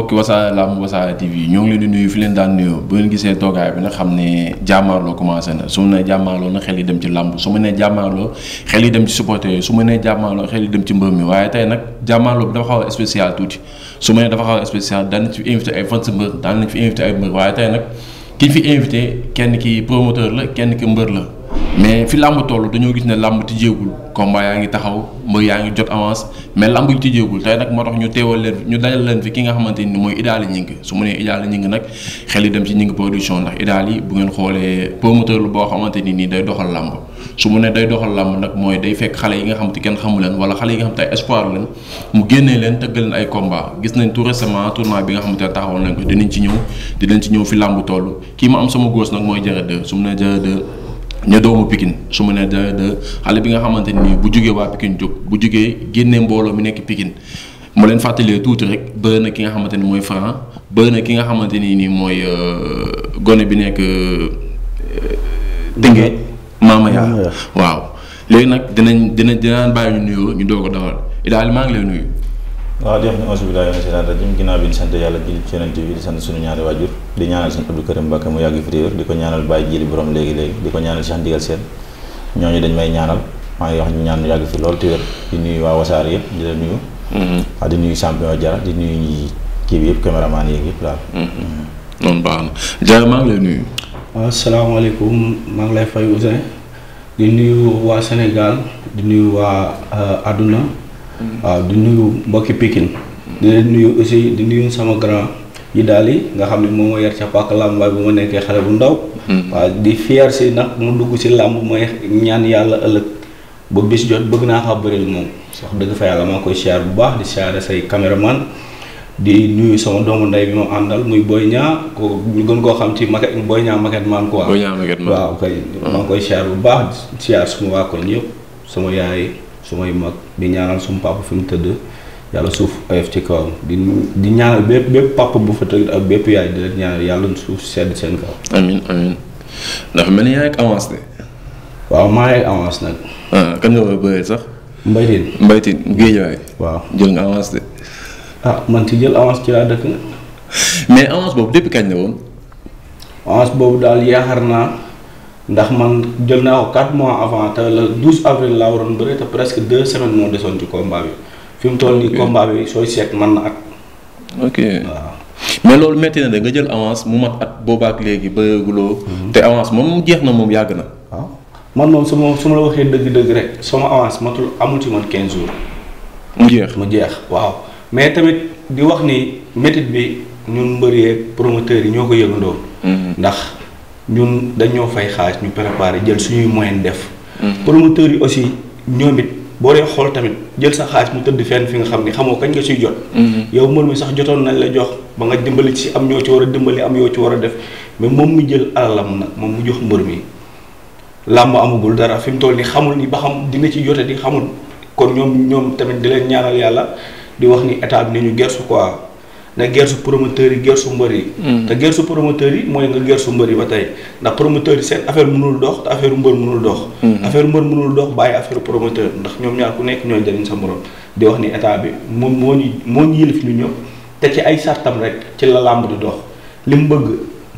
mbokki wasaare làmb wasaare TV ñoo ngi leen di nuyu fi leen daan nuyoo bu ngeen gisee toogaay bi nga xam ne jàmmaarloo commencé na su ma nee jàmmaarloo na xel yi dem ci làmb su ma nee jàmmaarloo xel yi dem ci supporter yi su ma nee jàmmaarloo xel yi dem ci mbër mi waaye tey nag jàmmaarloo bi dafa xaw a spécial tuuti su ma nee dafa xaw a spécial daan nañ ci invité ay fans mbër daan nañ fi invité ay mbër waaye tey nag ki fi invité kenn ki promoteur la kenn ki mbër la mais fi làmb toll dañoo gis ne làmb tijjeegul combat yaa ngi taxaw mbër yaa ngi jot avance mais làmb yi tijjeegul tey nag moo tax ñu teewal leen ñu dajal leen fi ki nga xamante ni mooy Idaly Gningue su mu nee Idaly Gningue nag xel yi dem ci Gningue production ndax Idaly bu xoolee promoteur lu boo xamante ni nii day doxal làmb su mu ne day doxal làmb nag mooy day fekk xale yi nga xam te kenn xamu leen wala xale yi nga xam te ay espoir leen mu génnee leen tëggal ay combat gis nañ tout récemment tournoi bi nga xamante ne taxawoon nañ ko dinañ ci ñëw dinañ ci ñëw fi làmb toll kii ma am sama góos nag mooy Diarra 2 su mu ne doomu Pikine su ma nee de de xale bi nga xamante ni bu jugee waa Pikine jóg bu jugee génnee mbooloo mu nekk pikin mu leen fàttalee tuuti rek bëri na ki nga xamante ni mooy Franc bëri na ki nga xamante nii nii mooy euh, gone bi nekk euh, Tëngéej Maama Yaa waaw léegi nag dinañ dinañ dinaan bàyyi ñu nuyoo ñu doog a dawal Idaali maa ngi lay nuyu. waaw di wax bi di sant yàlla julli ci yonent bi di sant suñu ñaari waajur di ko ñaanal Baye Jili borom léegi léegi di ko ñaanal Cheikh Ndigal Sène ñooñu dañ may ñaanal maa ngi wax ñu ñaan yàgg fi lool di nuyu waa wasaar yëpp di la nuyu mm-hmm. waaw di nuyu di nuyu ñi kii bi yëpp caméraman yeeg yëpp daal mm-hmm. noonu baax na Jara maa ngi lay nuyu waaw asalaamaaleykum maa ngi lay fay Ouzin di nuyu waa Sénégal di nuyu waa euh, àdduna waaw di nuyu mbokki pikin di leen nuyu aussi di sama grand yi daal yi nga xam ne moom moo yar ca pàkk làmb bu ma nekkee xale bu ndaw hmm. waaw di fier si nag mu dugg si làmb mooy ñaan yàlla ëllëg ba bis jot bëgg naa xa bëril moom wax dëgg fa yàlla maa koy siyaar bu baax di siyaare say man di nuyu sama doomu ndey bi ma àndal muy booy Niang ko ñu gën koo xam ci maquette booy Niang maquette man quoi. man hmm. koy siyaar bu baax siyaar suma waa koñ yëpp sama yaay. su may mag di ñaanal suma papa fi mu tëdd yàlla suuf oyof ci kaw di di ñaanal bépp bépp papa bu fa tëdd ak bépp yaay di leen ñaanal yàlla suuf sedd seen kaw. amiin amiin dafa mel ni yaa ngi avance de. waaw maa ngi avance nag. ah kan nga war a sax. mbaytin mbaytin géejawaay waaw jël nga avance de. ah man ci jël avance ci laa dëkk. mais avance boobu depuis kañ la woon. avance boobu daal yaakaar naa. ndax man jël naa ko 4 mois avant te le 12 avril laa waroon bëre te presque 2 semaines moo desoon ci combat bi fi mu toll nii combat bi sooy seet man na ak ok waaw. mais loolu métti na de nga jël avance mu mat at boobaak léegi bëguloo. Mhm. te avance moom jeex na moom yàgg na. man moom su ma su ma la waxee dëgg-dëgg rek sama avance matul amul ci man quinze jours. mu jeex mu jeex waaw mais tamit di wax ni métit bi ñun mbëri yeeg promoteurs yi ñoo ko yëgandoo. Mhm. ndax. ñun dañoo fay xaaj ñu préparer jël suñuy moyen def. Hmm. promoteurs yi aussi ñoom it boo dee xool tamit jël sa xaalis mu tëdd fenn fi nga xam ni xamoo kañ nga siy jot. Hmm. yow mbër mi sax jotoon nañ la jox ba nga dimbali ci am ñoo ci war a dimbali am yoo ci war a def mais moom mu jël alalam nag moom mu jox mbër mi. làmb amagul dara fi mu toll ni xamul ni ba xam dina ci jote di xamul kon ñoom ñoom tamit di leen ñaanal yàlla di wax ni état bi nañu gersu quoi. na gersu promoteur yi gersu mbër yi. Hmm. te gersu promoteur yi mooy nga gersu mbër yi ba tey ndax promoteur yi seen affaire mënul dox te affaire mbër mënul dox. Hmm. affaire mbër mënul dox bàyyi affaire promoteur ndax ñoom ñaar ku nekk ñooy jëriñ sa morom di wax ni état bi moom moo ñu moo ñu yëlif ñu ñëpp te ci ay sartam rek ci la làmb di dox li mu bëgg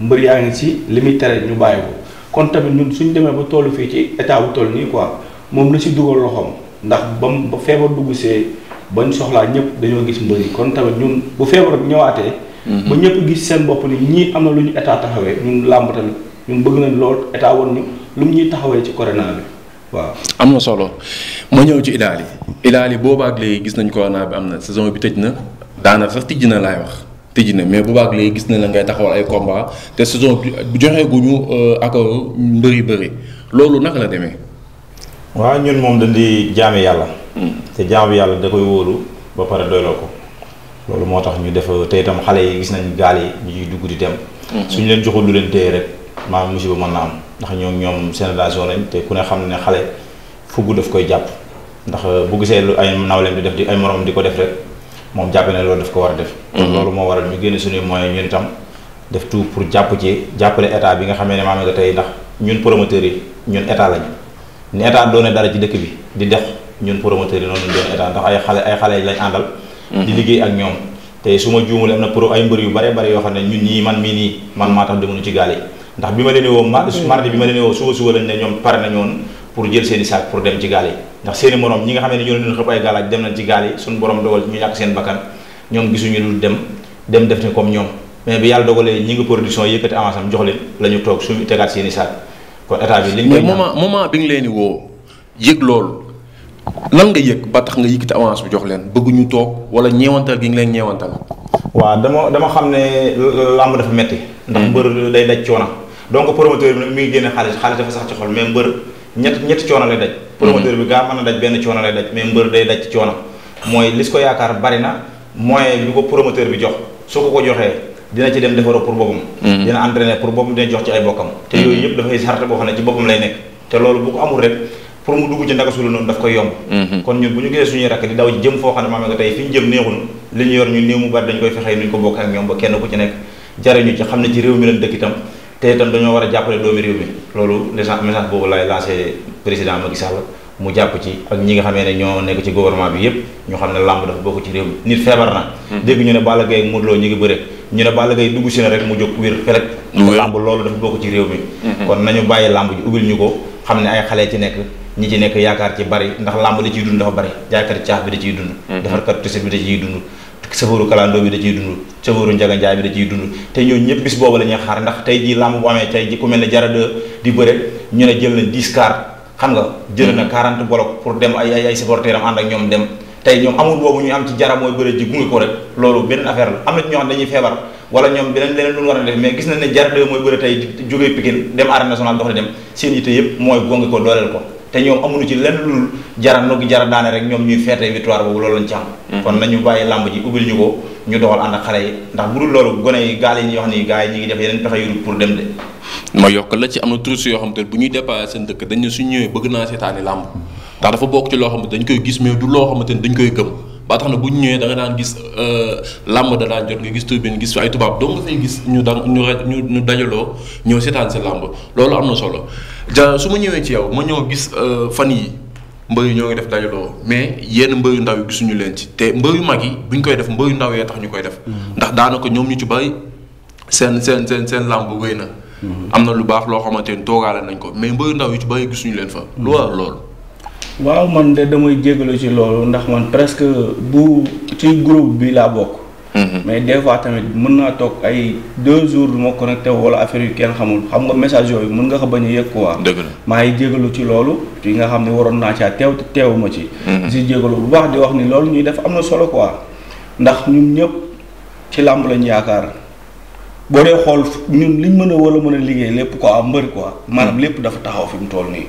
mbër yaa ngi si li muy tere ñu bàyyi ko kon tamit ñun suñ demee ba tollu fii ci état bu toll nii quoi moom la ci dugal loxoom ndax ba ba feebar dugg see. bañ soxlaa ñëpp dañoo gis mbër kon tamit ñun bu feebar bi ñëwaatee. Mhm. ba ñëpp gis seen bopp ni ñii am na lu ñu etaa taxawee ñun làmb tamit ñun bëgg nañ lool état woon ñu lu mu ñuy taxawee ci corona bi waaw. am na solo ma ñëw ci Idaly Idaly boobaag léegi gis nañ corona bi am na saison bi tëj na daanaka sax tijji na laay wax. tëj na mais bu baax léegi gis na la ngay taxawal ay combat te saison bu joxee gu ñu euh, accord mbëri bëri loolu naka la demee. waaw ñun yàlla te jaamu yàlla da koy wóolu ba pare doyloo ko loolu moo tax ñu def te itam xale yi gis nañu gaal yi ñu dugg di dem mm-hmm. suñu leen joxul lu leen téye rek maam musiba mën na am ndax ñoom ñoom génération lañ te ku ne xam ne xale fugg daf koy jàpp ndax uh, bu gisee lu ay nawleem di def di ay moroom di ko def rek moom jàppe ne loolu daf ko war a def mm-hmm. loolu moo waral ñu génne suñuy moyens ñun itam def tout pour jàpp ci jàppale état bi nga xamee ne maam nga tey ndax ñun promoteurs yi ñun état lañu ni état ci dëkk bi ñun promoteurs yi noonu doon état ndax ay xale ay xale lañ àndal mm-hmm. di liggéey ak ñoom te su ma juumul am na pro ay mbër yu bare bare yoo xam ne ñun ñii man mii nii man maa tax demuñu ci gaal yi ndax bi ma leen woo mm-hmm. ma leen woo suba suba lañ ne ñoom pare nañu woon pour jël seen i yi i nga xam ne ñoo dem nañ ci gaal yi suñu borom dogal ñu ñàkk seen bakkan ñoom gisuñu lu dem def ne comme ñoom mais bi yàlla dogalee ñi nga production yëkkati avance am jox leen la ñu toog suñu tegaat seen i saak kon état bi. li ñu mais leen di woo yëg loolu lan nga yëg ba tax nga yëkkati avance bi jox leen bëgguñu toog wala ñeewantal gi ngi leen ñeewantal. waaw dama dama xam ne làmb dafa metti ndax hmm. mbër day daj coono. donc promoteur bi mi ngi génne xaalis xaalis dafa sax ci xol mais mbër ñett ñetti coono lay hmm. bi gaa mën a daj benn coono lay daj mais mbër day daj ci coono. mooy li ko yaakaar bari na moyen bi ko promoteur bi jox soo ko joxee. dina ci dem defaroo pour boppam. Hmm. dina entraîner pour boppam dina jox ci ay bokkam. te yooyu yëpp dafay sart boo xam ci boppam lay nekk. te loolu bu amul rek. pour mu dugg ci ndaka sulu noonu daf koy yomb mm-hmm. kon ñun bu ñu gisee suñuy rakk di daw jëm foo xam ne maam nga tey fi ñu jëm li ñu yor ñu néew mu bari dañu koy fexee bokk ak ñoom ba kenn ku nekk jariñu ci xam ne ci réew mi lañ dëkk te itam dañoo war a jàppale doomi réew mi loolu message message boobu laay lancé président mu jàpp ci ak ñi nga xamee ñoo nekk ci gouvernement bi yépp ñu xam ne làmb dafa bokk ci réew mi nit feebar na mm-hmm. dégg ñu ne Balla Gaye ak Modou ñu ngi bëre ñu ne Balla Gaye dugg si na rek mu jóg wér rek làmb loolu dafa bokk ci réew mi mm-hmm. kon nañu bàyyi làmb ji ubbil ñu ko xam ne ay xale ci nekk ñi ci nekk yaakaar ci bari ndax làmb li ciy dund dafa bari jaaykat caax bi da ciy dund mm-hmm. defar tusit bi da ciy dund sëfooru kalandoo bi da ciy dund sëfooru njaga njaay bi da dund te ñooñu ñëpp bis boobu la ñuy xaar ndax tey ji làmb bu amee tey ji ku mel ne jara de di bëre ñu ne jël na 10 car xam nga jël na 40 mm-hmm. bolok pour dem ay ay ay supporter am ànd ak ñoom dem tey ñoom amul boobu ñu am ci jara mooy bëre ji gunge ko rek loolu benn affaire la am na ñoo xam dañuy feebar wala ñoom beneen leneen lu ñu war a def mais gis nañ ne Diarra 2 mooy bëre tey jógee Pikine dem arène nationale dox di dem seen yitte yëpp mooy gonge ko dooleel ko te ñoom amuñu ci lenn lu jara noggi jara daane rek ñoom ñuy feete victoire boobu loolu lañ ci am mm-hmm. kon nañu bàyyi làmb ji ubbil ñu ko ñu doxal ànd xale yi ndax bu dul loolu gone yi gaal yi ñuy wax ni gars yi ñi ngi def yeneen pexe yu pour dem de ma yokk la ci am na turist yoo xam te bu ñuy dépassé seen dëkk dañ ne suñ ñëwee bëgg naa seetaani làmb ndax dafa loo xam ne dañ koy gis dañ koy gëm ba tax na bu ñu ñëwee da nga daan gis euh, làmb da daan jot nga gis turbine gis ay tubaab doo nga fay gis ñu daan ñu ñu ñu dajaloo ñëw seetaan si làmb loolu am na solo ja su ma ñëwee ci yow ma ñëw gis euh, fan yi mbër yi ñoo ngi def dajaloo mais yenn mbër ndaw yi gisuñu leen ci te mbër yu mag yi bu ñu koy def mbër yu ndaw yee tax ñu koy def. Mm-hmm. ndax daanaka ñoom ñu ci bari seen seen seen seen làmb wéy na. Mm-hmm. am na lu baax loo xamante ni toogaale nañ ko mais mbër ndaw yi ci bari gisuñu leen fa. Mm-hmm. lu waral loolu. waaw man de damay jégalu ci loolu ndax man presque bu ci groupe bi laa bokk. Mm-hmm. mais des fois tamit mën naa toog ay deux jours du ma connecté wala affaire yu kenn xamul xam nga message yooyu mën nga ko bañ a yëg quoi. dëgg maa ngi jégalu ci loolu. nga xam ne waroon naa caa teew te teewuma ci. si mm-hmm. jégalu bu baax di wax ni loolu ñuy def am na solo quoi ndax ñun ñëpp ci làmb lañ yaakaar boo dee xool ñun liñ mën a wala mën a liggéey lépp quoi mbër quoi maanaam lépp dafa taxaw fi mu toll nii.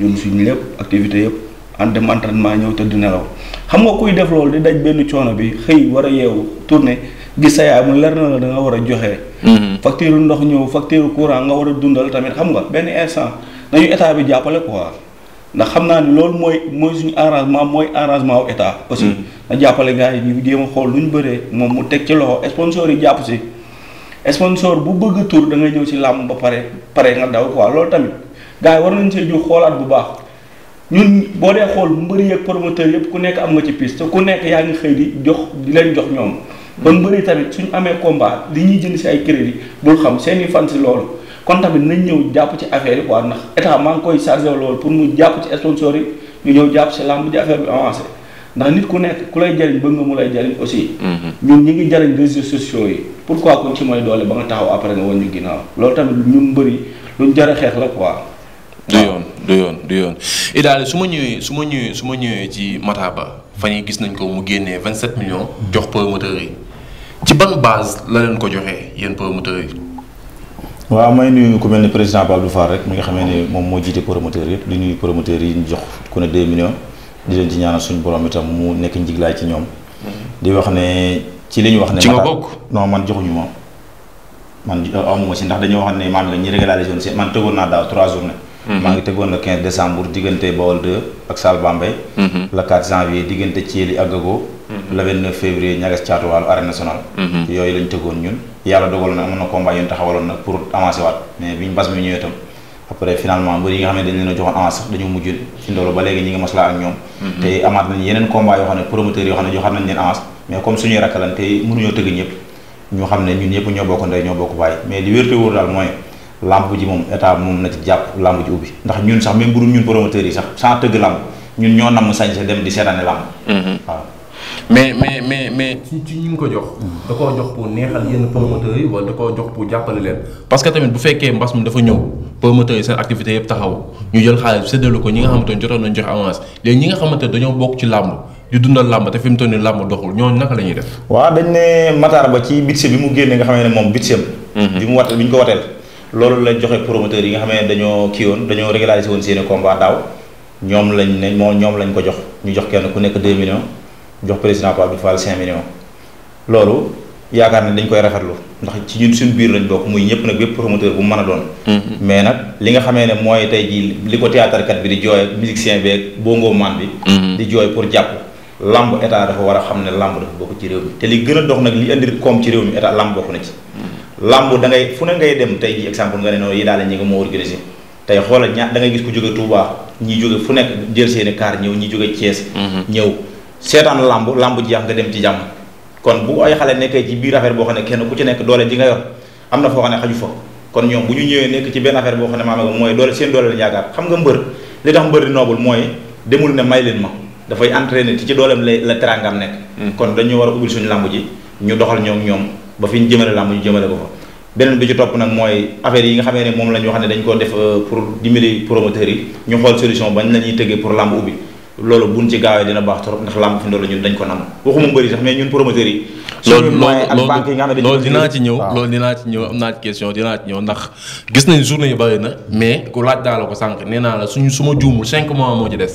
ñun suñu lépp activité yëpp en dem entraînement ñëw tëdd nelaw xam nga kuy def loolu di daj benn coono bi xëy war a yeewu tourné gis sa yaay mu leer na la da war a joxe. Mm-hmm. facture ndox ñëw facture courant nga war a dundal tamit xam nga benn instant nañu état bi jàppale quoi ndax xam naa ni loolu mooy mooy suñu arrangement mooy arrangement wu état. aussi mm-hmm. na jàppale gars yi ñu jéem a xool lu ñu bëree moom mu teg ci loxo sponsor yi jàpp si sponsor bu bëgg tur da nga ñëw si làmb ba pare pare nga daw quoi loolu gars yi war nañ see jóg xoolaat bu baax ñun boo dee xool mbëri yeeg promoteur yëpp ku nekk am nga ci piste ku nekk yaa ngi xëy di jox di leen jox ñoom. kon mbëri tamit suñu amee combat di ñuy jënd si ay crédit bul xam seen i fan si loolu kon tamit nañ ñëw jàpp ci affaire yi quoi ndax maa ngi koy chargé loolu pour mu jàpp ci sponsor ñu ñëw jàpp si làmb ji affaire bi avancé. ndax nit ku nekk ku lay jariñ bëgg nga mu lay jariñ aussi. Mhm. ñun ñu ngi jariñ réseaux sociaux yi. pourquoi kon ci mooy doole ba nga taxaw après nga woon ñu ginnaaw loolu tamit ñun mbëri luñ jar a xeex la quoi. du yoon du yoon du yoon Idaale su ma ñëwee su ma ñëwee su ma ñëwee ci Mataba fan yi gis nañ ko mu génnee 27 millions jox promoteurs yi ci ban base la leen ko joxee yéen promoteurs yi. waaw may nuyu ku mel ni président Abdou Fall rek mi nga xamee ne moom moo jiite promoteurs yëpp di nuyu promoteurs yi ñu jox ku ne 2 millions di leen ci ñaanal suñu borom itam mu nekk njiglaay ci ñoom. Mhm. di wax ne ci li ñu wax. ne ci nga bokk non man joxuñu ma man euh, amuma si naa daaw 3 journées. Mm-hmm. maa ngi tegoon le 15 décembre diggante Bawol 2 ak Sall Bambey. Mm-hmm. le 4 janvier diggante Thiély ak Gago. Mm-hmm. le février ñagas caatuwaalu arène nationale. yooyu lañ tegoon ñun. yàlla dogal na amoon na combat yu ñu taxawaloon nag pour avancer waat mais biñ bas mi ñëwee après finalement mbir yi nga xam ne dañ leen a joxoon avance sax dañu mujj ci ndoolu ba léegi ñi ngi maslaa ak ñoom. te amaat nañ yeneen combat yoo xam ne promoteurs yoo xam ne joxaat lamb ji moom état moom na ci jàpp lamb ji ubbi ndax ñun sax même bu dul ñun promoteurs yi sax sans tëgg lamb ñun ñoo namm sañse dem di seetaane lamb mhm. waaw mais mais mais mais. ci ci ko jox. da koo koo jox pour leen. parce que tamit bu fekkee mbas mi dafa ñëw promoteurs yi seen activité yëpp taxaw ñu jël xaalis séddale ko ñi nga xamante ne jotoon nañ jox avance léegi ñi ne dañoo bokk ci làmb di dundal làmb te fi mu toll nii la ñuy def. waaw dañ ne Matar ba ci budget bi mu génnee nga xam ne moom budget mhm. bi mu wat bi ñu ko wateel. loolu lañ joxe promoteur yi nga xam ne dañoo kii woon dañoo régulariser woon seen i combat daaw ñoom lañ ne moo ñoom lañ ko jox ñu jox kenn ku nekk 2 millions jox président Pape Abdou Fall 5 millions loolu yaakaar ne dañ koy rafetlu ndax ci ñun suñu biir lañ bokk muy ñëpp nag bépp promoteur bu mu mën a doon. Mm-hmm. mais nag li nga xamee ne mooy tey jii li ko théâtre kat bi di jooy ak musicien bi ak bongo man bi. Mm-hmm. di jooy pour jàpp. lamb état dafa war a xam ne lamb dafa ci réew te li a dox nag li indi koom ci réew mi lamb bokk na ci. làmb dangay ngay fu ne ngay dem tey ji exemple nga ne noonu yi daal ñi nga moo organisé tey xoolal ñaa da gis ku jóge Touba ñi jóge fu nekk jël seeni kaar ñëw ñi jóge Thiès. Mhm. ñëw seetaan làmb làmb jeex nga dem ci jàmm kon bu ay xale nekkee ci biir affaire boo xam ne kenn ku ci nekk doole ji nga yor am na foo xam ne xaju fa kon ñoom bu ñu ñëwee nekk ci benn affaire boo xam ne maanaam mooy doole seen doole lañ yaakaar xam nga mbër li tax mbër di noobul mooy demul ne may leen ma dafay entraîner ti ci dooleem la la teraangam nekk mhm. kon dañu war a ubbil suñu làmb ji ñu doxal ñoom ñoom ba fi ñu jëmale làmb ñu jëmale ko fa beneen bi ci topp nag mooy affaire yi nga xamee ne moom la ñu wax ne dañ ko def euh, pour dimbali promoteurs yi ñu xool solution bañ la ñuy tëggee pour làmb ubbi loolu buñ ci gaawee dina baax trop ndax làmb fi ndoolu ñun dañ ko nangu waxuma mbëri sax mais ñun promoteurs yi loolu loolu dinaa ci ñëw loolu dinaa ci ñëw am naa ci question dinaa ci ñëw ndax gis nañ journée yu bëri na mais ku laaj daa la ko sànq nee naa la suñu su ma juumul cinq mois moo ci des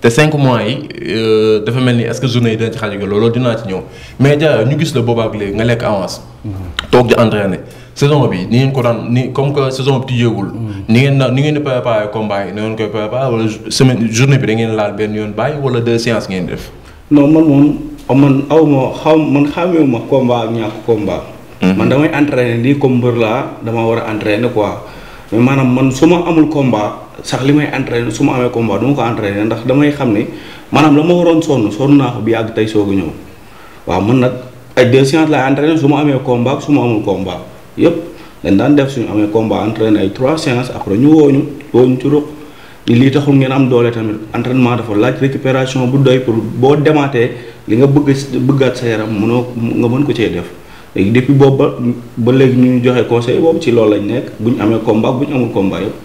te cinq mois yi euh, dafa mel ni est-ce que journée yi dina ci xaaj ak loolu dinaa ci ñëw mais ja ñu gis la boobaak léegi nga lekk avance mm-hmm. toog di entraîner saison bi ni ngeen ko daan ni comme que saison bi tijjeegul. Mm. ni ngeen ni ngeen di préparé combat yi ni ngeen koy préparé wala semaine journée bi da ngeen laal benn yoon bàyyi wala deux séances ngeen def. non man moom man aw ma xaw man xàmmeewu ma combat ak ñàkk combat. Mm-hmm. man damay entraîner lii comme mbër laa dama war a entraîner quoi. mais maanaam man su ma amul combat sax li may entraîner su ma amee combat du ma ko entraîner ndax damay xam ni maanaam la ma waroon sonn sonn naa bi yàgg tey soog a waaw man nag ay deux séances laay entraîner su ma amee combat su ma amul combat. yëpp dañ daan def suñu amee combat entraîné ay trois séances après ñu wooñu wooñu ci ruq lii taxul ngeen am doole tamit entraînement dafa laaj récupération bu doy pour boo demaatee li nga bëgg bëggaat sa yaram munoo nga mën ko cee def léegi depuis boobu ba ba léegi ñu joxe conseil boobu ci loolu lañ nekk bu ñu amee combat bu ñu amul combat yëpp.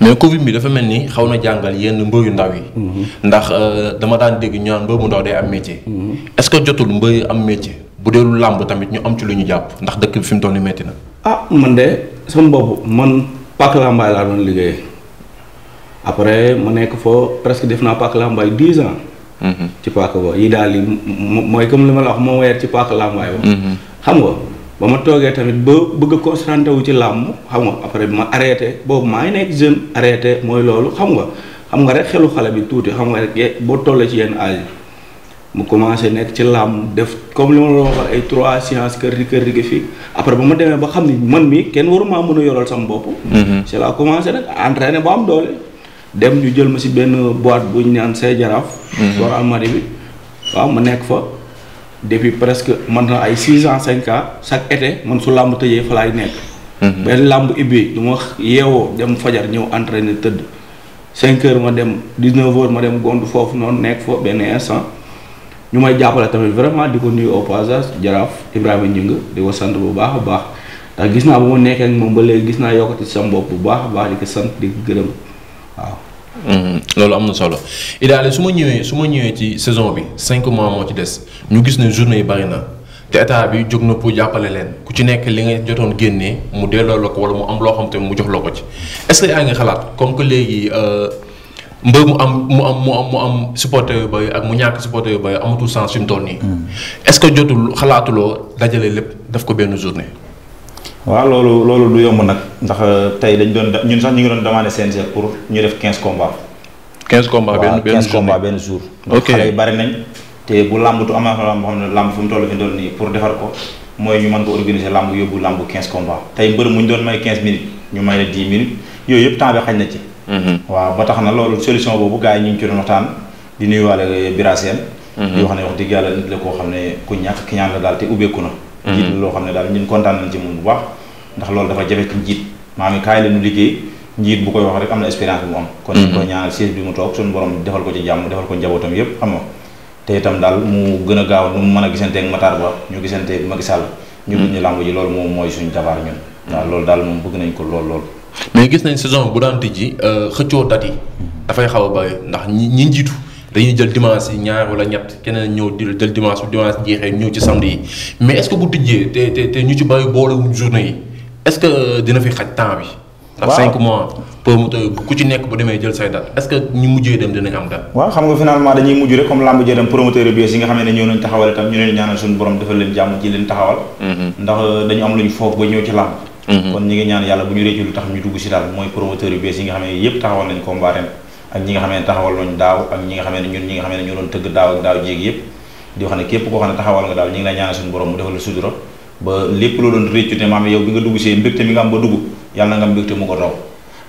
mais Covid bi dafa mel ni xaw na jàngal yenn mbër yu ndaw yi. Mm-hmm. ndax euh, dama daan dégg ñu naan mbër mu ndaw day am métier. Mm-hmm. est-ce que jotul mbër am métier bu dee lu làmb tamit ñu am ci lu ñu jàpp ndax dëkk bi fi mu toll métti na. ah man de sama bopp man Pàcc Lambaay laa doon liggéey après ma nekk foo presque def naa Pàcc Lambaay dix an mhm. ci Pàcc ba yi daal yi mooy comme li ma la wax moo weer ci Pàcc Lambaay ba. Mhm. xam nga ba ma toogee tamit ba bëgg a wu ci làmb xam nga après ma arrêté boobu maa nekk jeune arrêté mooy loolu xam nga xam nga rek xelu xale bi tuuti xam nga rek boo tollee ci yenn âge mu commencé nekk ci làmb def comme li ma la waxoon ay trois séances kër gi kër gi fii après ba ma demee ba xam ni man mii kenn waruma mën mënu yoral sama bopp. Mhm. ci laa commencé nag entraîné ba am doole. dem ñu jël ma ci benn boîte bu ñu naan say jaraaf. door mhm. waaw ma nekk fa. depuis presque man na ay six ans cinq ans chaque été man su làmb tëjee fa laay nekk. Mhm. benn làmb ibbi du ma yeewoo dem fajar ñëw entraîné tëdd. cinq heures ma dem dix neuf ma dem gond foofu noonu nekk fa benn instant. ñu may jàppale tamit vraiment di ko nuyu au passage jaraaf Ibrahima Ngingue di ko sant bu baax a baax ndax gis naa bu ma nekkee ak moom ba léegi gis naa yokkati sam bopp bu baax baax di ko sant di gërëm waaw. Hmm, loolu am na solo Idale su ma ñëwee su ma ñëwee ci saison bi cinq mois moo ci des ñu gis ne journée yi bari na te état bi jóg na pour jàppale leen ku ci nekk li nga jotoon génnee mu delloo la ko wala mu am loo xam te mu jox la ko ci est-ce que ngi xalaat comme que léegi. Euh, mbër mu am mu am mu am mu am supporter yu bëri ak mu ñàkk supporter yu bëri amatul sens fi mu toll nii. Hmm. est-ce que jotul xalaatuloo dajale lépp daf ko benn journée. waaw loolu loolu du yomb nag ndax euh, tey dañ doon ñun sax ñu ngi doon demandé CNG pour ñu def 15 combats. 15 combats benn benn 15 combats benn jour. ok xale bari nañ te bu làmbatu am na làmb xam ne làmb fu toll fi doon nii pour defar ko mooy ñu mën ko organiser làmb yóbbu làmb 15 combats tey mbër mu ñu doon may 15 minutes ñu may la 10 xañ na ci. Mm-hmm. waaw ba tax na loolu solution boobu gars yi ñu ngi ci doon waxtaan di nuyuwaale Bira Sène mm-hmm. di wax ne wax dëgg yàlla nit la koo xam ne ku ñax ki ñaan la daal te ubbeeku na mm-hmm. loo xam ne daal ñun kontaan bu baax ndax loolu dafa jafe ci njiit maanaam kaay liggéey njiit bu koy wax rek am na expérience bi kon ñu koy bi mu toog suñu borom defal ko ci jàmm defal ko njabootam yépp xam nga te mu gën a gaaw nu mu mën a gisante ak Matar Ba ñu gisante ak Macky Sall ñu guñ ñu làmb ji loolu moom mooy suñu jabaar ñun waaw loolu daal moom bëgg nañ ko lool lool mais gis nañ saison bu daan tijji euh, xëccoo dat yi dafay xaw a bëri ndax ñi ñi jiitu dañuy jël dimanche yi ñaar wala ñett keneen ñëw jël dimanche bu dimanche jeexee ñëw ci samedi yi mais est bu tijjee te te te ñu ci bëri boolewuñ journée yi est que dina fi xaj temps bi. ndax 5 mois promoteur ku ci nekk bu demee jël say date est ñu mujjee dem dinañ am date. waaw xam nga finalement dañuy mujj comme làmb jee dem promoteur yu bees yi nga xam ne ñëw nañ taxawal itam ñu leen ñaanal suñu borom defal leen jàmm ji mm-hmm. ndax dañu am luñ foofu ñëw ci làmb Mm-hmm. kon ñi ngi ñaan yàlla bu ñu réccu lu tax ñu dugg si daal mooy promoteur yu bees yi nga xam ne yëpp taxawal nañ combat ren ak doon tëgg daaw ak daaw jéeg yëpp di wax ne képp koo xam ne taxawal nga daal ñi ngi la ñaanal suñu borom mu defal la sutura ba lépp loo doon réccu te maam yow bi nga dugg see mbégte mi nga am ba dugg yàlla nga am mbégte mu ko raw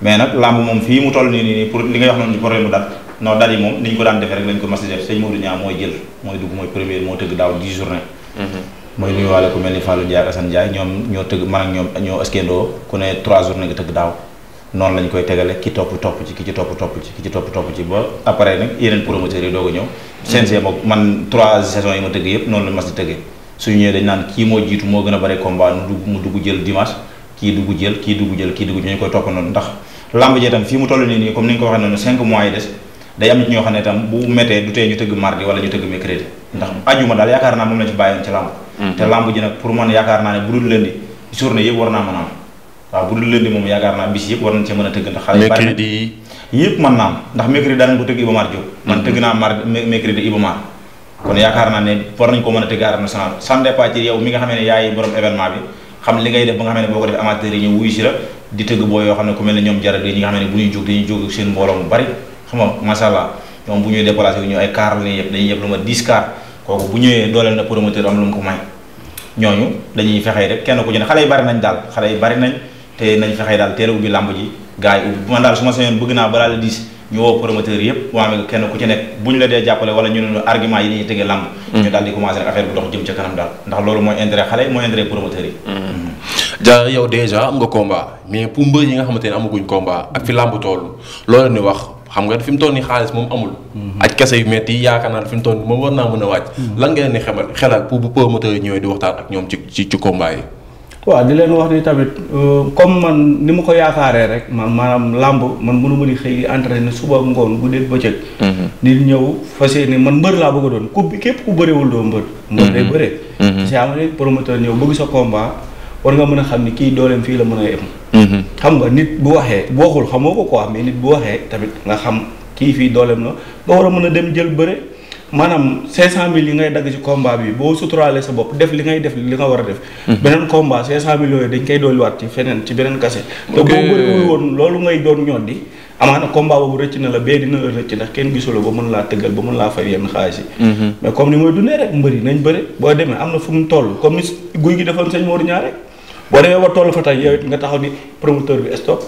mais nag làmb moom fii mu toll nii nii pour li nga wax noonu problème mu dat non yi moom ni ñu ko daan defee mooy nuyuwaale ku mel ni Fallou Ndiaye ak Assane ñoom ñoo tëgg man ak ñoo askendoo ku ne trois jours na koy tegale ki topp topp ci ki ci topp topp ci ki ci topp topp ci ba yëpp noonu la mas di tëggee suñu ñëwee dañ naan kii moo jiitu moo a bare combat mu dugg mu dugg jël dimanche kii dugg jël kii dugg jël ñu koy topp noonu ndax lamb jee tam fii mu toll nii nii comme ni ñu ko waxee noonu cinq mois yi des day am ci ñoo xam ne tam bu méttee du tee ñu tëgg mardi wala ñu tëgg mercredi ndax ajuma daal yaakaar naa moom lañ ci bàyyoon ci lamb Mm-hmm. te lamb ji nag pour man yaakaar naa ne bu dul lundi journée yëpp war naa mën a am bu dul lundi moom yaakaar naa bis yëpp war nañ cee a tëgg ndax xale yi am ko tëgg Iba Mar man mm-hmm. tëgg naa mar mercredi Iba Mar kon yaakaar naa ne war nañ ko mën a tëgg arène nationale sans départ ci mi nga xamee ne yaay borom événement bi xam li ngay def ba nga xamee ne boo ko def amateur yi ñu wuyu si la di tëgg boo yoo xam ne ku mel ne ñoom jaral yi ñi nga xam ne bu ñuy kooku bu ñëwee dooleel na promoteur am lu mu ko may ñooñu dañuy fexee rek kenn ku ci ne xale yi bari nañ daal xale yi bari nañ te nañ fexee daal te a ubbi làmb ji gars yi ubbi man daal su ma bëgg naa balaa la diis ñu woo promoteur yëpp waame nga kenn ku ci nekk bu ñu la dee jàppale wala ñu ne argument yi dañuy tëgee làmb mm. ñu daal di commencé rek bu dox jëm ca kanam daal ndax loolu mooy intérêt xale yi mooy intérêt promoteur yi mm. mm. jaar yow mais pour mbër yi nga xamante ne amaguñ combat ak fi làmb toll loolu ni wax xam nga fi mu toll nii xaalis moom amul. Mhm. aj kese yu métti yi yaakaar naa fi mu toll nii moom war naa mën a wàcc. Mhm. lan ngeen di xemal xelal pour bu promoteur yi ñëwee di waxtaan ak ñoom ci ci ci combat yi. waaw di leen wax ni tamit euh, comme man ni ma ko yaakaaree rek man maanaam làmb man mënu ma di xëy di ne suba ngoon guddeeg bëccëg. nit mhm. ñëw fas yéene man mbër laa bëgg a doon ku képp ku bëriwul doo mbër. mbër day bëree. parce que am na promoteur ñëw bëgg sa combat war nga mën a xam ni kii dooleem fii la mën a yem. Mhm. xam nga nit bu waxee bu waxul xamoo ko quoi mais nit bu waxee tamit nga xam kii fii dooleem na nga war a mën a dem jël bëre maanaam 500000 yi ngay dagg ci combat bi boo suturaale sa bopp def li ngay def li nga war a def. Mhm. beneen combat 500000 yooyu dañ koy dolliwaat ci feneen ci beneen kase. te boo bëriwul woon loolu ngay doon ñoon di amaana combat boobu rëcc na la bee dina la rëcc ndax kenn gisuloo ba mën laa tëggal ba mën laa fay yenn xaalis mhm. comme ni mooy dundee rek mbëri nañ am na fu mu toll comme ni gi defoon sëñ ñaar boo demee ba toll fa tey yow it nga taxaw ni promoteur bi stop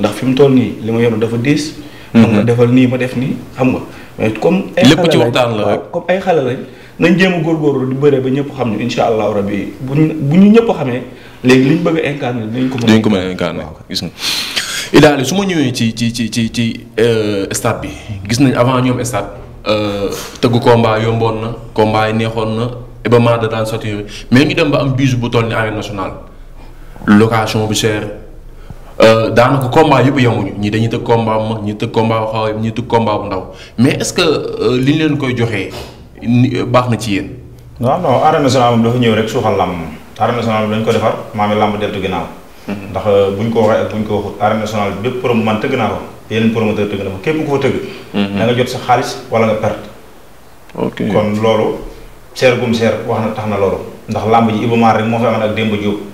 ndax fi mu toll nii li ma yoroon dafa diis. Mhm. xam nga defal nii ma def nii xam nga. mais comme ay xale lépp ci waxtaan la comme ay xale lañ nañ jéem a góorgóorlu di bëree ba ñëpp xam ne incha allahu rabi bu ñu bu ñu ñëpp xamee léegi liñ bëgg a incarné dinañ ko mën a. dinañ ko mën a incarné gis nga. Idaly su ma ñëwee ci ci ci ci ci euh, stade bi gis nañ avant ñoom stade euh, tëgg combat yomboon na combat yi neexoon na événement da daan sotti mais ñu dem ba am bisu bu toll ni arène nationale. location bu cher euh, daanaka combat yëpp yemuñu ñi dañuy tëgg combat bu mag ñi tëgg combat bu xaw ñi tëgg combat bu ndaw mais est-ce que euh, li leen koy joxee euh, baax na ci yéen. non non arène nationale moom dafa ñëw rek suuxal làmb moom arène nationale dañ ko defar maam yi làmb deltu mhm. ndax buñ ko waxee ak buñ ko waxut arène nationale bépp promo man tëgg naa ko yeneen promoteur tëgg na ko képp ku fa tëgg. Mhm. da jot sa xaalis wala nga perte. ok kon loolu seer gum seer wax na tax na loolu ndax làmb ji Ibou Mar rek moo fi amoon ak Demba Diop.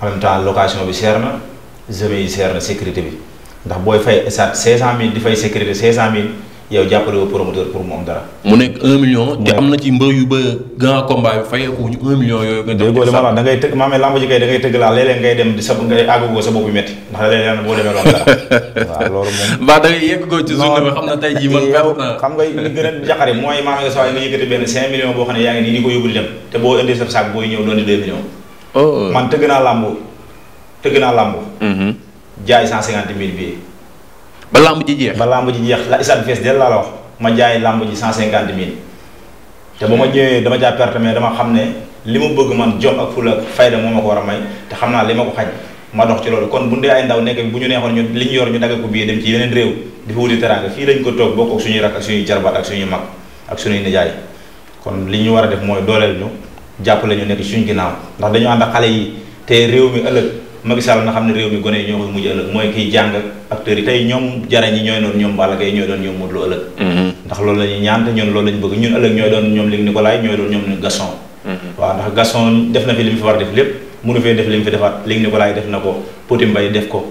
en même temps location bi seer na sécurité bi ndax booy fay sat cinq cent mille di fay sécurité cinq cent mille yow jàppale woo promoteur pour mu dara. mu nekk un million. te am na ci mbër yu ba grand combat bi fayeeku ñu un million yooyu. nga def ci tëgg maa mel kay da tëgg laa léeg ngay dem di sa ngay àggugoo sa bopp métti ndax léeg-léeg boo demee loolu dara waaw loolu moom. mbaa da ngay yegg ko ci journée xam nga li gën a jaqari mooy maa nga saa yi nga yëkkati Oh, oh. man tëgg naa làmb tëgg naa làmb mhm. jaay cent cinquante mille bi ba làmb ji jeex ba làmb ji jeex la isaan fees del laa la ma jaay làmb ji cent cinquante mille te ba ma ñëwee dama jaa perte mais dama xam ne li mu bëgg man jom ak fula ak fayda moo ma ko war a may te xam naa li ma ko xañ ma dox ci loolu kon bu dee ay ndaw nekk bu ñu neexoon ñu li ñu yor ñu dagg ko bii dem ci yeneen réew di fa wuti teraanga fii lañ ko toog bokk ak suñuy rak ak suñuy jarbaat ak suñuy mag ak suñuy nijaay kon li ñu war a def mooy dooleel ñu jàppale ñu nekk suñ ginnaaw ndax dañu ànd ak xale yi te réew mi ëllëg Macky Sall xam ne réew mi gone yi mujj ëllëg mooy kiy jàng acteurs yi tey ñoom jarañ yi ñooy doon ñoom Balla Gaye ñoom Lo mm-hmm. la ñu bëgg ñun ëllëg ñooy doon ñoom Luc Nicolaï ñooy doon ñoom mm-hmm. def na a def lépp mënu fee ko Poti Mbaye def ko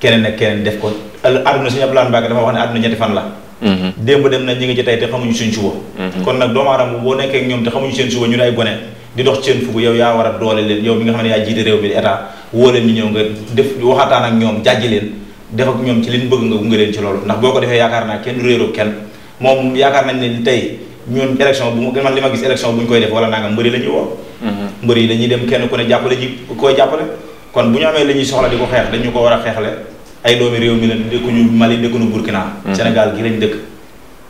keneen ak keneen def ko àdduna suñu Abdoulaye Mbacké dafa wax ne àdduna ñetti fan la mm-hmm. démb dem na ñi ngi ci tey te xamuñu suñ suba kon nag doomu aadama boo nekkee ñoom te xamuñu seen suba ñu ay gone di dox seen fugu yow yaa war a doole leen yow mi nga xam ne yaa jiite réew mi di état woo leen ñu nga def waxataan ak ñoom jàjji leen def ak ñoom ci liñ bëgg nga gunge leen ci loolu ndax boo ko defee yaakaar naa kenn réeroo kenn moom yaakaar nañ ne tey ñun élection bu man li ma gis élection bu koy def wala nangam mbëri la ñuy woo mm-hmm. mbëri yi dañuy dem kenn ku ne jàppale ji koy jàppale kon bu amee la ñuy soxla di ko xeex dañu ko war a xeexle ay doomi réew mi lañ dëkkuñu Mali dëkkuñu Burkina mm-hmm. Sénégal gi lañ dëkk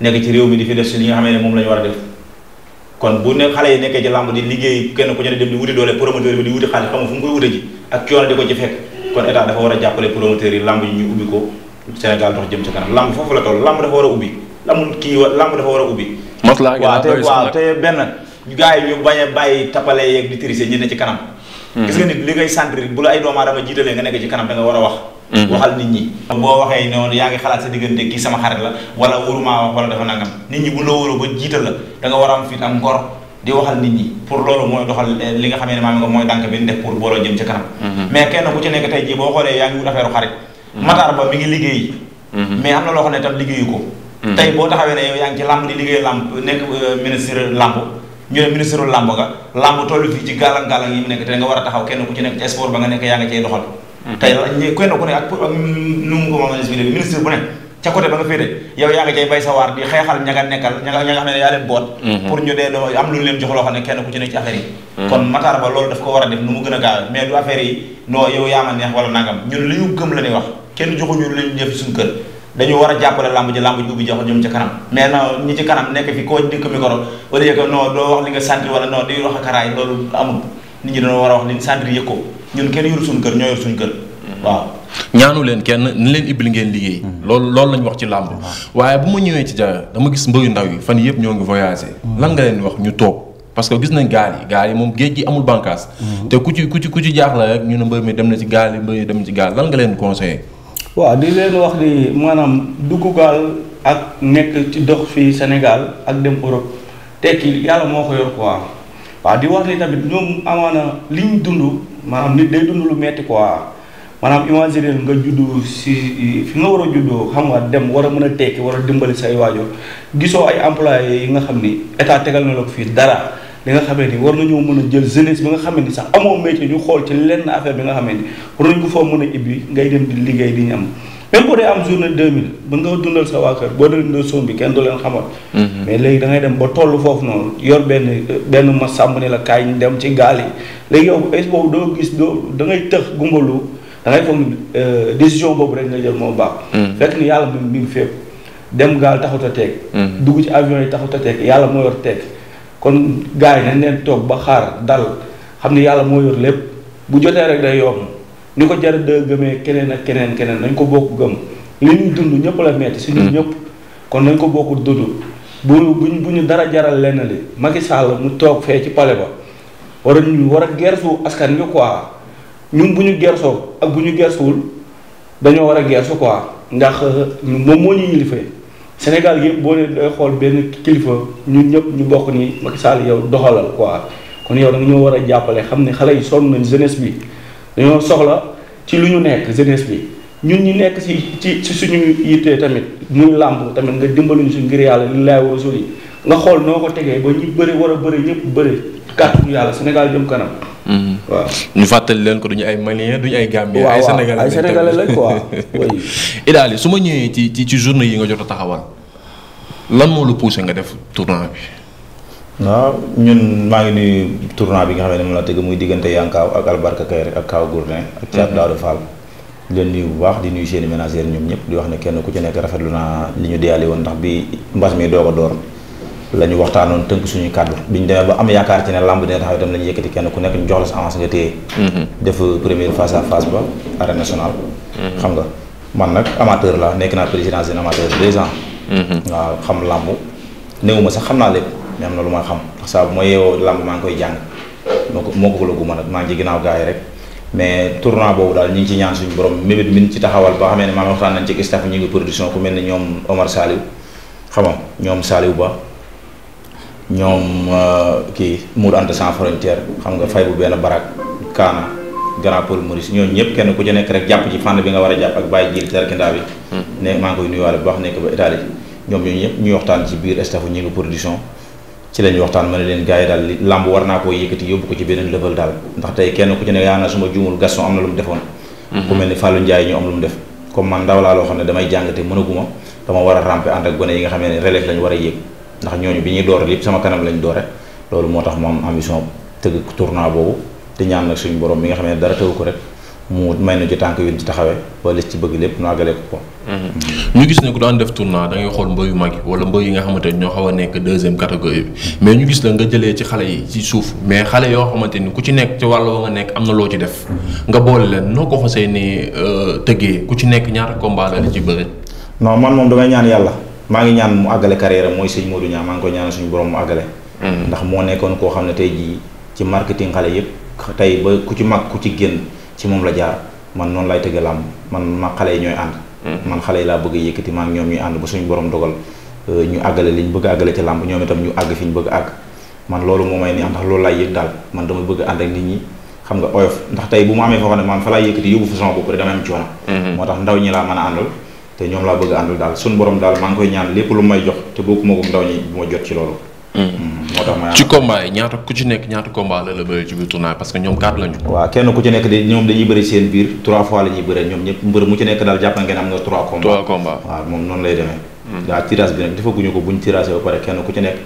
nekk ci réew mi di fi def si li nga xam ne moom la war a def kon bu ne xale yi nekkee ci làmb di liggéey kenn ku ci ne dem di wuti doole promoteur bi di wuti xaalis xam nga fu mu koy wute ji ak coono di ko ci fekk kon état dafa war a jàppale promoteur yi làmb yi ñu ubbi ko Sénégal dox jëm ci kanam làmb foofu la toll làmb dafa war a ubbi làmb kii wa dafa war a ubbi waaw te waaw te benn gars yi ñu bañ a bàyyi tapale yeeg di triser ñi ne ci kanam Mm-hmm. gis nga nit li ngay centre bu la ay doomu aadama jiitalee nga nekk ci kanam da war a wax mm-hmm. waxal nit ñi boo waxee noonu yaa ngi xalaat sa diggante kii sama xarit la wala warumaa wax wala dafa nangam nit ñi bu la wóoroo ba jiital la da war a am fit am ngor di waxal nit ñi pour loolu mooy doxal eh, li nga xamee ne maam nga mooy dànk bi ñu def pour booloo jëm ci kanam mm-hmm. mais kenn ku ci nekk tey jii boo xoolee yaa ngi wut affaire xarit Matar Ba mi ñu ne ministre làmb nga làmb tollu fii ci gàllang-gàllang yi mu nekk te nga war a taxaw kenn ku ci nekk sport ba nga nekk yaa nga cey hmm. a expliquer ministre bu ne ca côté ba nga féete bay sa waar di xeexal ña nga nekkal ña nga xam ne yaa leen boot hmm. pour ñu dee doo am lu leen jox loo xam ne kenn ku ci nekk ci affaire yi hmm. kon Matar loolu daf ko war a def nu mu gën a gaaw mais du affaire yi non yow yaa ma neex wala nangam ñun li gëm la wax kenn joxuñu lu ñu def suñu kër dañu war a jàppale làmb ji làmb ji ubbi jox jëm ca kanam mais non ñi ci kanam nekk fi koo dëkk micro o lieu que non doo wax li nga sentir wala wax ak karaay loolu amul nit ñi war a wax li ñu sentir yëg ko ñun kenn yoru suñu kër ñoo yor suñu kër mm-hmm. waaw ñaanu leen kenn ni leen ibbil ngeen liggéey mm-hmm. loolu loolu lañ wax ci làmb mm-hmm. waaye bu ma ñëwee ci ja dama gis mbëru ndaw yi fan yëpp ñoo ngi voyagé lan nga leen wax ñu toog parce que gis nañ gaal yi gaal yi moom géej gi amul bànkaas te ku ci ku ci ku ci rek ñu ne mbër mi dem na ci gaal yi dem ci gaal lan nga leen conseillé waaw di leen wax ni maanaam dugg ak nekk ci dox fii Sénégal ak dem Europe tekki yàlla moo ko yor quoi waaw di wax ni tamit ñoom amaana li ñu dund maanaam nit day dund lu metti ko quoi maanaam imaginer nga juddu si fi nga war a juddoo xam nga dem war a mën a tekki war a dimbali say waajur gisoo ay employés yi nga xam ni état tegal na la ko fii dara. li nga xamee ni war nañoo mën a jël jeunesse bi nga xamee ni sax amoo métier ñu xool ci lenn affaire bi nga xamee ni war nañ ko foo mën a ibbi ngay dem di liggéey di ñu am même bu dee am journée 2000 ba nga dundal sa waa boo dee bi kenn du leen xamal. Mhm. mais léegi dangay dem ba toll foofu noonu yor benn benn ma sàmm ni la kaay ñu dem ci gaal yi léegi yow est boobu doo gis doo da ngay tëx gumbalu da ngay foog euh, décision boobu rek nga jël moo baax. Mhm. fekk ni yàlla mi ngi fépp dem gaal taxut teg. Mhm. dugg ci avion yi teg yàlla moo yor kon gars yi nañ leen toog ba xaar dal xam ne yàlla moo yor lépp bu jotee rek day yomb ni ko jar de gëmee keneen ak keneen keneen nañ ko bokk gëm li ñuy dund ñëpp la metti si ñun hmm. ñëpp kon nañ ko bokk dund bu bu bu ñu dara jaral lenn li Macky Sall mu toog fee ci pale ba war a ñu war a gersu askan wi quoi ñun bu ñu gersoo ak bu ñu gersuwul dañoo war a gersu quoi ndax moom moo ñu yilifee Sénégal yëpp boo leen day xool benn kilifa ñu ñëpp ñu bokk ni Macky Sall yow doxalal quoi kon yow da nga war a jàppale xam ne xale yi sonn nañu jeunesse bi dañoo soxla ci lu ñu nekk jeunesse bi ñun ñu nekk si ci si suñu yittee tamit muy làmb tamit nga dimbaluñu si ngir yàlla li laay yi nga xool noo ko tegee ba ñu bëri war a bëri ñëpp bëri kàttu yàlla Sénégal jëm kanam. waaw ñu fàttali leen ko duñu ay Malien duñu ay Gambien. ay Sénégalais ay Sénégalais lañ quoi. Idaly su ma ñëwee ci ci ci journée yi nga jot a taxawal lan moo la poussé nga def tournoi bi. waaw ñun maa ngi nuyu tournoi bi nga xam ne moom la tëgg muy diggante Yankaaw ak Albarka Kayre ak Kaw Gourdin ak Thiat mm-hmm. Daouda Fall. di leen nuyu bu baax di nuyu seen i ñoom ñëpp di wax ne kenn ku ci nekk rafetlu naa li ñu deyaale woon ndax bi mbas mi doog a door. lañu ñu waxtaanoon tënk suñu kàddu bi ñu demee ba am yaakaar ci ne làmb dina taxaw itam la ñu yëkkati kenn ku nekk ñu jox la sa avance nga mm-hmm. mm-hmm. xam nga man nag amateur la nekk naa président des amateurs deux ans. Mm-hmm. waaw xam làmb sax xam naa lépp mais am na lu ma xam ndax saa bu ma maa ngi koy jàng moo moo ko la guma maa ngi ci ginnaaw gars yi rek. mais tournoi boobu daal ñu ngi ci ñaan suñu ci taxawal ba xamee ne maanaam waxtaan ñu ngi production ku mel ni ñoom Omar Saliou xam nga ñoom Saliou Ba ñoom euh, kii Mour Anta sans frontière xam nga fay bu benn barak Kaana Grand Paul Maurice ñooñu ñëpp kenn ku ci nekk rek jàpp ci fànn bi nga war a jàpp ak bàyyi jiil tarkindaa bi hmm. ne maa koy nuyuwaale bu baax nekk ba Italie ñoom ñooñu ñëpp ñuy waxtaan ci biir stafu ñi ngi production ci lañu waxtaan ma ne leen gars yi daal làmb war naa koo yëkkati yóbbu ko ci beneen level daal ndax tey kenn ku ci nekk yaa na suma juumul Gaston am na lu mu defoon hmm. ku mel ni Fallou Ndiaye ñu am lu mu def comme man ndaw loo xam ne damay jàngate mënaguma dama war a rampe ànd yi nga xam ne relève lañu war a yéeg ndax ñooñu bi ñuy door lépp sama kanam lañ doore loolu moo tax moom ambition tëgg tournoi boobu te ñaan nag suñu borom bi nga xam ne dara tëw ko rek mu may na ci tànk yu ci taxawee ba ci bëgg lépp naagale ko ko. Mhm. ñu gis ne ku daan def tournoi da ngay xool mbër mag wala mbër yi nga xamante ne ñoo xaw nekk deuxième catégorie mais ñu gis la nga jëlee ci xale yi ci suuf mais xale yoo xamante ni ku ci nekk ci wàll wa nga nekk am na loo ci def mhm. nga boole leen noo ko xasee ni euh, tëggee ku ci nekk ñaata combat la ci bëri. non man moom damay ñaan yàlla. maa ngi ñaan mu àggale carrière mooy sëñ Modou Niang maa ngi koy ñaan suñu borom mu àggale. Mm. ndax moo nekkoon koo xam ne tey jii ci marketing xale yëpp tey ba ku ci mag ku ci génn ci moom la jaar man noonu lay tëgg làmb man ma xale yi ñooy ànd. Mm. man xale yi laa bëgg a yëkkati man ñoom ñuy ànd ba suñu borom dogal euh, ñu àggale liñ bëgg a ci làmb ñoom itam ñu àgg fi ñu bëgg man loolu moo may neex ndax loolu laay yëg daal man dama bëgg ànd xam nga oyof ndax tey bu mu amee foo xam ne man fa laay yëkkati yóbbu fa sama bopp rek dama am coono. Mm-hmm. moo tax ndaw ñi laa mën a àndal te ñoom laa bëgg àndul daal suñu borom daal maa ngi koy ñaan lépp lu may jox te bokkuma ko ndaw ñi bu ma jot ci loolu. Hmm. Hmm, moo tax ma am nga trois combats. trois combats waaw moom noonu lay demee. Hmm. waaw tirage bi nag defaguñu ko buñ ba pare kenn ku ci nekk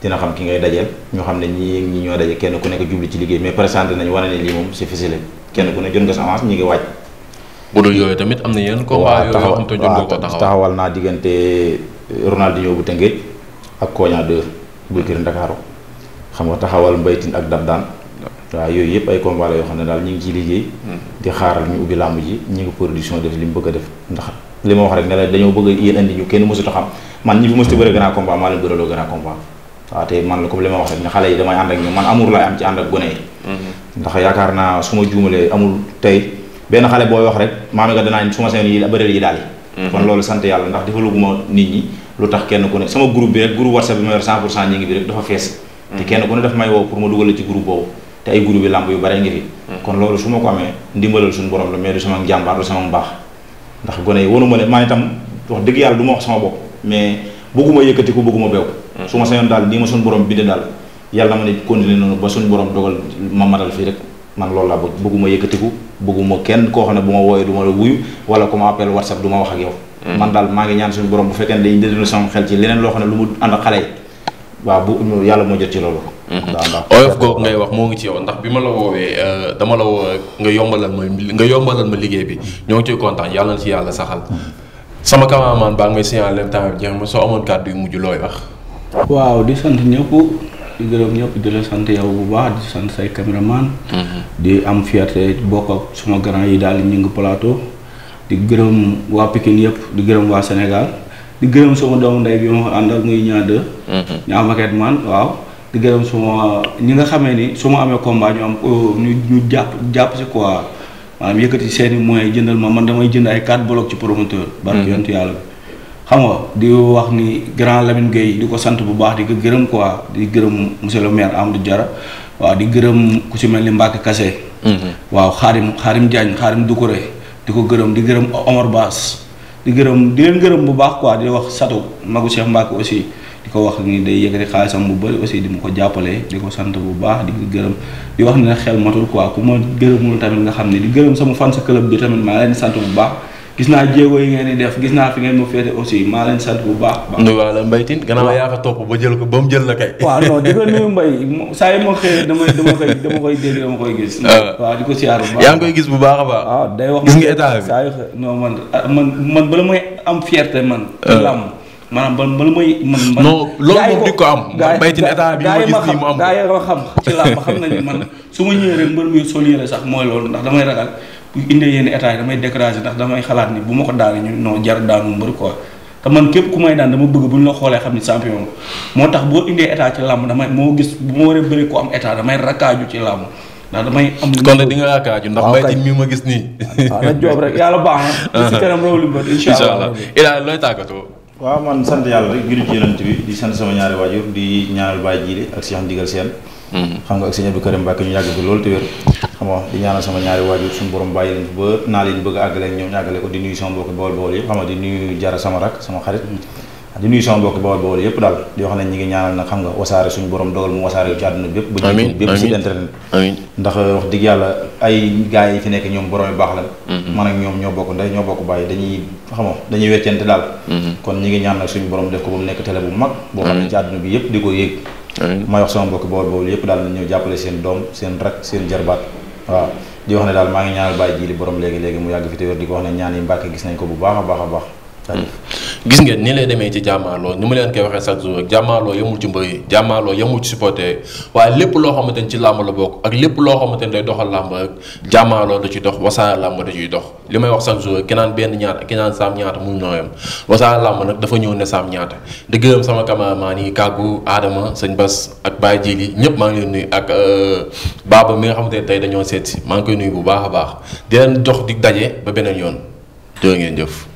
dina xam ki ngay dajeel ñoo xam ne ñii ñoo daje kenn ku nekk jubli ci liggéey mais présenté nañu wane ne lii moom c'est facile kenn ku ne jot nga sa avance ñi ngi wàcc bu yooyu tamit am na yenn combat yooyu am te jot nga ko taxawal taxawal naa diggante eh, Ronaldinho bu Tëngéej ak Koña 2 bu kër Ndakaaru xam nga taxawal mbaytin ak dab daan waaw yooyu yëpp ay combat yoo xam ne daal ñu ngi ciy liggéey hmm. di xaaral ñu ubbi làmb ji ñu ngi production li mu bëgg a def ndax li ma wax rek ne dañoo bëgg yéen andi ñu kenn mësut a xam man ñi fi mësut a bëre grand combat maa leen bëraloo grand combat waaw te man la comme li ma wax rek ni xale yi damay ànd ak ñoom man amour laay am ci ànd ak gone yi hmm. ndax yaakaar naa suma ma amul tey benn xale booy wax rek maam nga danaa su ma yi bëreel yi daal yi mhm. kon loolu sant yàlla ndax defaluguma nit ñi lu tax kenn ku ne sama groupe bi rek dafa fees te mhm. kenn ku ne daf may woo pour ma dugal ci groupe boobu te ay groupe yi làmb yu bare ngi fi mhm. kon loolu su ma ko amee ndimbalal suñu borom la mais du sama njàmbaar du sama mbaax ndax maa itam wax dëgg yàlla du ma wax sama bopp mais bëgguma yëkkati ko bëgguma beew su ma sañoon daal nii ma suñu borom binde daal yàlla ma ne continuer noonu ba suñu borom dogal ma matal fii rek man loolu laa bëgg bëgguma yëkkatiku bëgguma kenn koo xam ne bu ma wooyee du ma la wuyu wala ku ma appel whatsapp du ma wax ak yow mm-hmm. man daal maa ngi ñaan suñu borom bu fekkee ne dañuy détourné sama xel ci leneen loo xam ne lu mm-hmm. la woowee euh, dama nga yombalal ma ma liggéey bi mm-hmm. ñoo ngi ciy kontaan yàlla na ci yàlla saxal sama cameraman baa ngi may signaler temps bi jeex ma soo amoon kàddu yu mujj looy wax waaw di sant ñëpp di gërëm ñëpp di sant yow bu baax di sant say man mm-hmm. di am fierté bokk ak suma grand yi daal ñu ngi plateau di gërëm waa Pikine yëpp di gërëm waa Sénégal di gërëm suma doomu ndey bi ma àndal muy ñaade ñaa maket man waaw di gërëm suma ñi nga xamee ni su ma amee combat ñu am euh, ñu ñu jàpp jàpp si quoi maanaam yëkkati seeni moyens jëndal ma man damay jënd ay 4 blocs ci promoteur barke mm-hmm. yontu yàlla bi xam nga di wax ni grand Lamine yi di ko sant bu baax di ko gërëm quoi di gërëm monsieur le am Amadou jara waaw di gërëm ku ci mel ni Mbacke kase mhm. waaw xaarim xaarim Diagne xaarim Doucouré di ko gërëm di gërëm Omar Baas di gërëm di leen gërëm bu baax quoi di wax Satou magu Cheikh Mbacke aussi. di ko wax ni day yëkkati xaalisam bu bëri aussi di ma ko jàppale di ko sant bu baax di gërëm di wax ne xel matul quoi ku ma gërëmul tamit nga xam ni di gërëm sama fan sa club bi tamit maa leen sant bu baax. gis naa jéego yi ngeen di def gis naa fi ngeen ma féete aussi maa leen sant bu baax. waaw la Mbaye Tine gannaaw yaa ko topp ba jël ko ba mu jël la kay. waaw non di ko nuyu Mbaye saa yi ma koy gis. Ah. bu baax. yaa ngi koy gis bu ah, man ah, man man bala mooy am fierté man. lam maanaam ban bala may. man man ko am. Mbaye Tine état bi ma gis nii mu am man su ma ñëwee rek mbër mi sol sax mooy loolu ndax damay ragal bu indee yenn état yi damay découragé ndax damay xalaat ni bu ma ko daal ñu non jar daanu mbër quoi te man képp ku bëgg bu ñu xoolee xam ni champion moo tax boo indee état ci làmb damay moo gis bu ma waree bëri ko am état damay rakkaaju ci làmb am. kon nag di nga rakkaaju ndax baykat mi ma gis nii. waaw ah, na joob rek yàlla baax na. ci kanam loolu mbër incha allah Ila looy tàggatoo. waaw man sant yàlla rek julli ci yonent bi di sant sama ñaari waajur di ñaanal Baye Jiile ak Cheikh Ndigal Sène. Hmm. xam nga ak sëñ Abdou Karim Mbacke ñu yàgg fi loolu te wér xam nga di ñaanal sama ñaari waajur suñu borom bàyyi leen ba naa leen bëgg a àggale ñoom ñu àggale ko di nuyu sama mbokki bawol bawol yëpp daal di wax ne ñi ngi ñaanal nag xam nga wasaare suñu borom dogal mu wasaare yu ci àdduna yàlla ay gars yi fi nekk ñoom borom baax la mm-hmm. man ñoo ñoo bokk bàyyi dañuy xam nga dañuy weccante daal mm-hmm. kon ñi ngi ñaan nag suñu borom def ko ba mu nekk télé bu mag boo xam ne ci àdduna bi yëpp daal na ñëw jàppale seen doom seen rak seen jarbaat waaw di wax ne daal maa ngi ñaanal bàyyi ji li borom léegi-léegi mu yàgg fi te di ko wax ne ñaan yi Mbàkke gis nañ ko bu baax a baax a baax gis ngeen ni lay demee ci jàmmaaloo ni ma leen koy waxee chaque jour ak jàmmaarloo ci mbër yi jàmmaarloo yemul ci supporter waaye lépp loo xamante ni ci làmb la bokk ak lépp loo xamante ni day doxal làmb rek jàmmaarloo da ci dox wasaare làmb da ciy dox li may wax chaque jour ki naan benn ñaata ki naan saam ñaata mu ñooyam wasaare làmb nag dafa ñëw ne saam ñaata di gërëm sama cameraman yi kàggu aadama sañ Bas ak jii Djili ñëpp maa ngi leen nuyu ak euh, Baba mi nga xamante ne tey dañoo seet maa ngi koy nuyu bu baax a baax di leen di daje ba beneen yoon jërë ngeen jëf